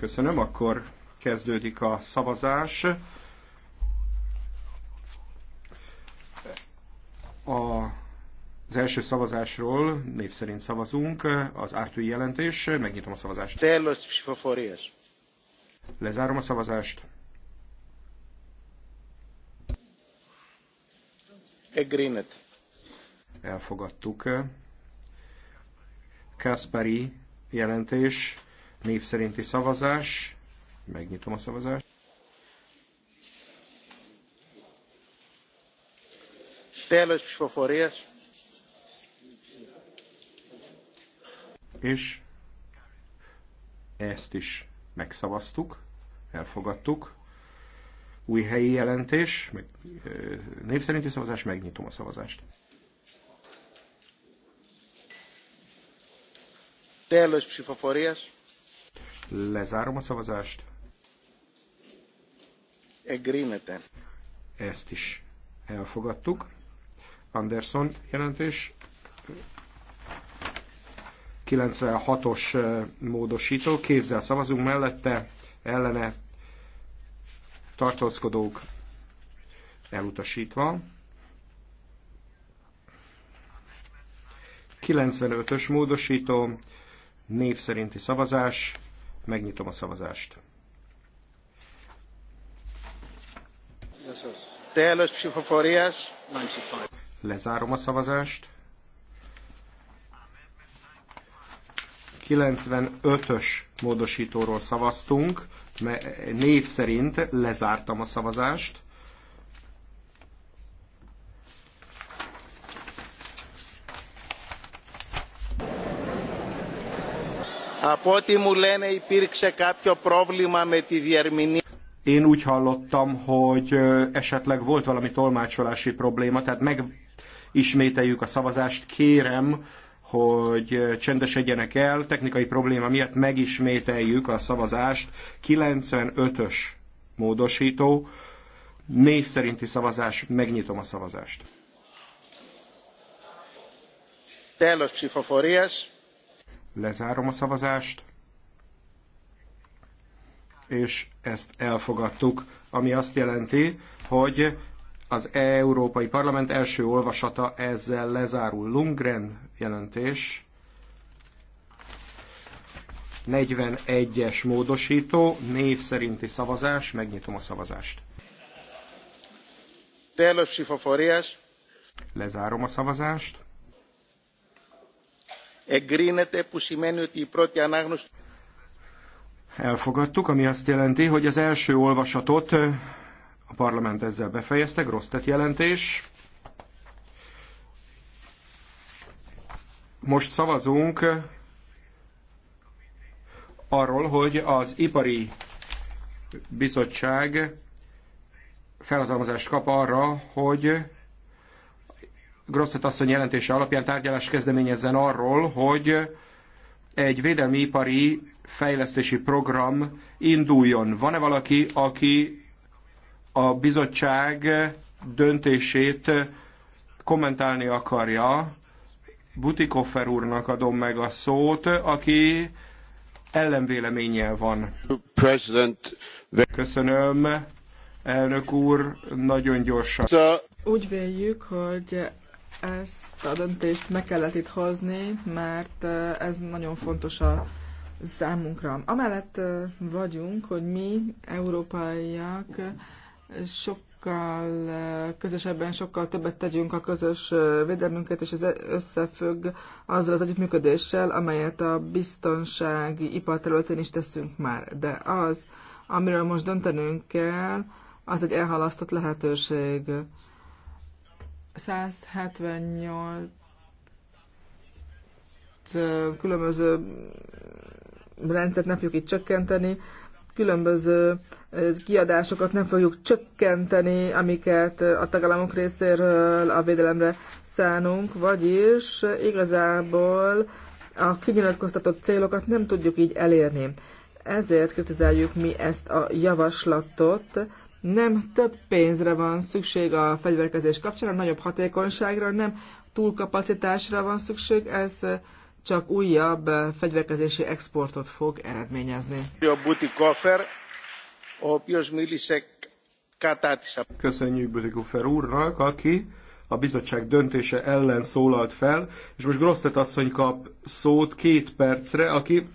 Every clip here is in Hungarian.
Köszönöm, akkor kezdődik a szavazás. A az első szavazásról név szerint szavazunk, az ártői jelentés, megnyitom a szavazást. Lezárom a szavazást. Elfogadtuk. Kasperi jelentés, név szerinti szavazás. Megnyitom a szavazást. Telos Foforias. És ezt is megszavaztuk, elfogadtuk. Új helyi jelentés, név szerinti szavazás, megnyitom a szavazást. Τέλος ψηφοφορίας. Lezárom a szavazást. Εγκρίνεται. Ezt is elfogadtuk. Anderson jelentés. 96-os módosító, kézzel szavazunk mellette, ellene tartózkodók elutasítva. 95-ös módosító, név szerinti szavazás. Megnyitom a szavazást. Lezárom a szavazást. 95-ös módosítóról szavaztunk, név szerint lezártam a szavazást. Από ό,τι μου λένε υπήρξε κάποιο πρόβλημα με τη διερμηνία. Én úgy hallottam, hogy esetleg volt valami tolmácsolási probléma, tehát megismételjük a szavazást. Kérem, hogy csendesedjenek el. Technikai probléma miatt megismételjük a szavazást. 95-ös módosító. Név szerinti szavazás. Megnyitom a szavazást. Telos psifoforias. Lezárom a szavazást. És ezt elfogadtuk, ami azt jelenti, hogy az Európai Parlament első olvasata ezzel lezárul. Lundgren jelentés 41-es módosító, név szerinti szavazás, megnyitom a szavazást. Lezárom a szavazást εγκρίνεται που σημαίνει ότι η πρώτη ανάγνωση Elfogadtuk, ami azt jelenti, hogy az első olvasatot a parlament ezzel befejezte, Grosztet jelentés. Most szavazunk arról, hogy az ipari bizottság felhatalmazást kap arra, hogy Grosszett asszony jelentése alapján tárgyalást kezdeményezzen arról, hogy egy védelmi ipari fejlesztési program induljon. Van-e valaki, aki a bizottság döntését kommentálni akarja? Butikoffer úrnak adom meg a szót, aki ellenvéleménnyel van. Köszönöm, elnök úr, nagyon gyorsan. Úgy véljük, hogy ezt a döntést meg kellett itt hozni, mert ez nagyon fontos a számunkra. Amellett vagyunk, hogy mi, európaiak, sokkal közösebben, sokkal többet tegyünk a közös védelmünket, és ez összefügg azzal az együttműködéssel, amelyet a biztonsági iparterületén is teszünk már. De az, amiről most döntenünk kell, az egy elhalasztott lehetőség. 178 különböző rendszert nem fogjuk itt csökkenteni, különböző kiadásokat nem fogjuk csökkenteni, amiket a tagállamok részéről a védelemre szánunk, vagyis igazából a kinyilatkoztatott célokat nem tudjuk így elérni. Ezért kritizáljuk mi ezt a javaslatot, nem több pénzre van szükség a fegyverkezés kapcsán, a nagyobb hatékonyságra, nem túlkapacitásra van szükség, ez csak újabb fegyverkezési exportot fog eredményezni. Köszönjük Butikofer úrnak, aki a bizottság döntése ellen szólalt fel, és most Grosztet asszony kap szót két percre, aki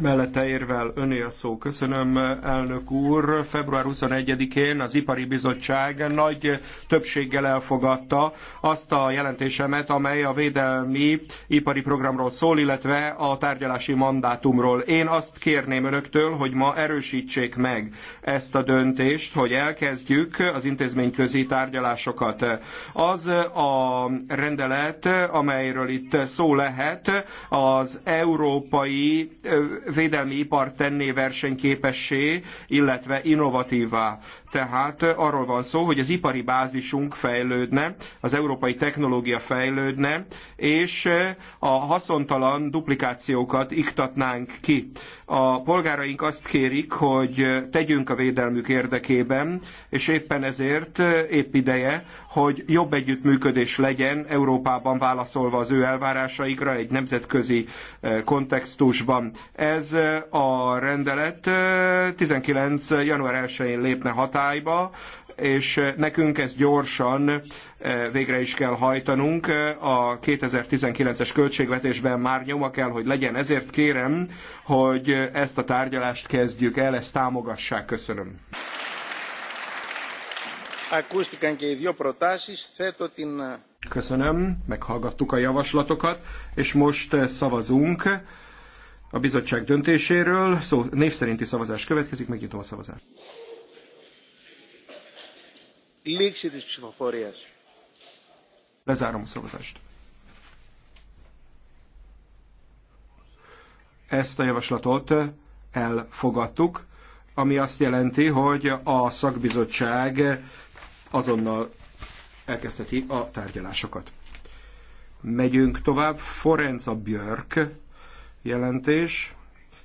mellette érvel öné a szó. Köszönöm, elnök úr. Február 21-én az Ipari Bizottság nagy többséggel elfogadta azt a jelentésemet, amely a védelmi ipari programról szól, illetve a tárgyalási mandátumról. Én azt kérném önöktől, hogy ma erősítsék meg ezt a döntést, hogy elkezdjük az intézményközi tárgyalásokat. Az a rendelet, amelyről itt szó lehet, az európai védelmi ipar tenné versenyképessé, illetve innovatívá. Tehát arról van szó, hogy az ipari bázisunk fejlődne, az európai technológia fejlődne, és a haszontalan duplikációkat iktatnánk ki. A polgáraink azt kérik, hogy tegyünk a védelmük érdekében, és éppen ezért épp ideje, hogy jobb együttműködés legyen Európában válaszolva az ő elvárásaikra egy nemzetközi kontextusban. Ez a rendelet 19. január 1-én lépne hatályba, és nekünk ezt gyorsan végre is kell hajtanunk. A 2019-es költségvetésben már nyoma kell, hogy legyen. Ezért kérem, hogy ezt a tárgyalást kezdjük el, ezt támogassák. Köszönöm. Köszönöm, meghallgattuk a javaslatokat, és most szavazunk a bizottság döntéséről. Szó, név szerinti szavazás következik, megnyitom a szavazást. Lezárom a szavazást. Ezt a javaslatot elfogadtuk, ami azt jelenti, hogy a szakbizottság azonnal elkezdheti a tárgyalásokat. Megyünk tovább. Forenza Björk jelentés.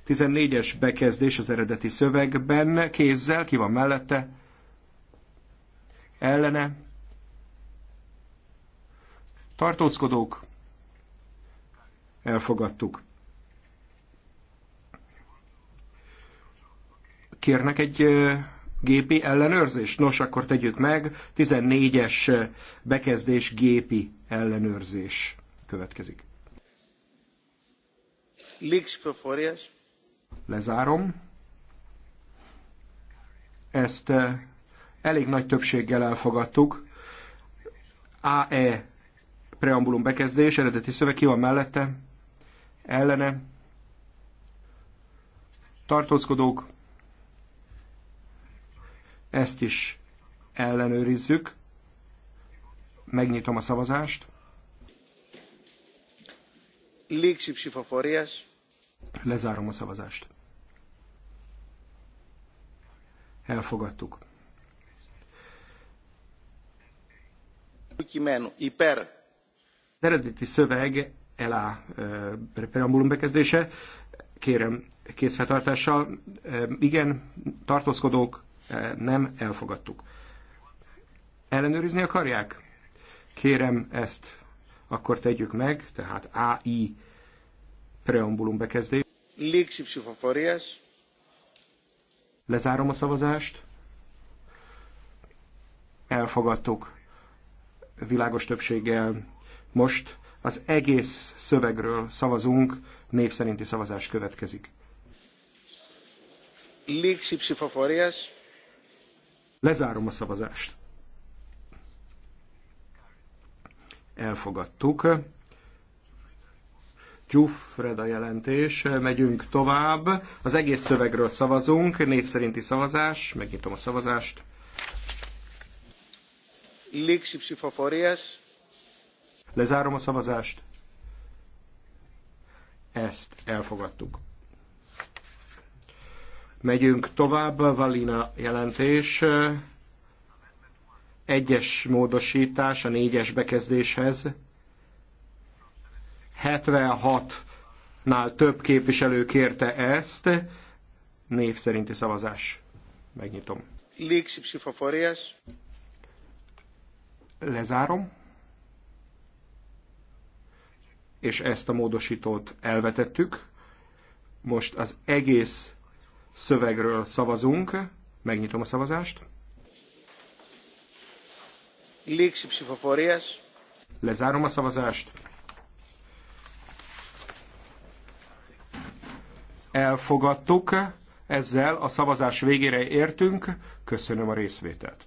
14-es bekezdés az eredeti szövegben, kézzel, ki van mellette, ellene, tartózkodók, elfogadtuk. Kérnek egy gépi ellenőrzést? Nos, akkor tegyük meg, 14-es bekezdés gépi ellenőrzés következik. Lezárom. Ezt eh, elég nagy többséggel elfogadtuk. AE preambulum bekezdés, eredeti szöveg ki van mellette, ellene, tartózkodók, ezt is ellenőrizzük. Megnyitom a szavazást. Λήξη ψηφοφορίας. Lezárom a szavazást. Elfogadtuk. Az eredeti szöveg elá preambulum bekezdése. Kérem, készfeltartással. igen, tartózkodók, nem, elfogadtuk. Ellenőrizni akarják? Kérem ezt, akkor tegyük meg, tehát AI preambulum bekezdés. Λήξη ψηφοφορίας. Lezárom a szavazást. Elfogadtuk világos többséggel. Most az egész szövegről szavazunk, név szerinti szavazás következik. Λήξη ψηφοφορίας. Lezárom a szavazást. Elfogadtuk. Gyufred a jelentés. Megyünk tovább. Az egész szövegről szavazunk. Név szerinti szavazás. Megnyitom a szavazást. Lezárom a szavazást. Ezt elfogadtuk. Megyünk tovább, Valina jelentés. Egyes módosítás a négyes bekezdéshez. 76-nál több képviselő kérte ezt. Név szerinti szavazás. Megnyitom. Lezárom. És ezt a módosítót elvetettük. Most az egész szövegről szavazunk. Megnyitom a szavazást. Lezárom a szavazást. elfogadtuk, ezzel a szavazás végére értünk. Köszönöm a részvételt.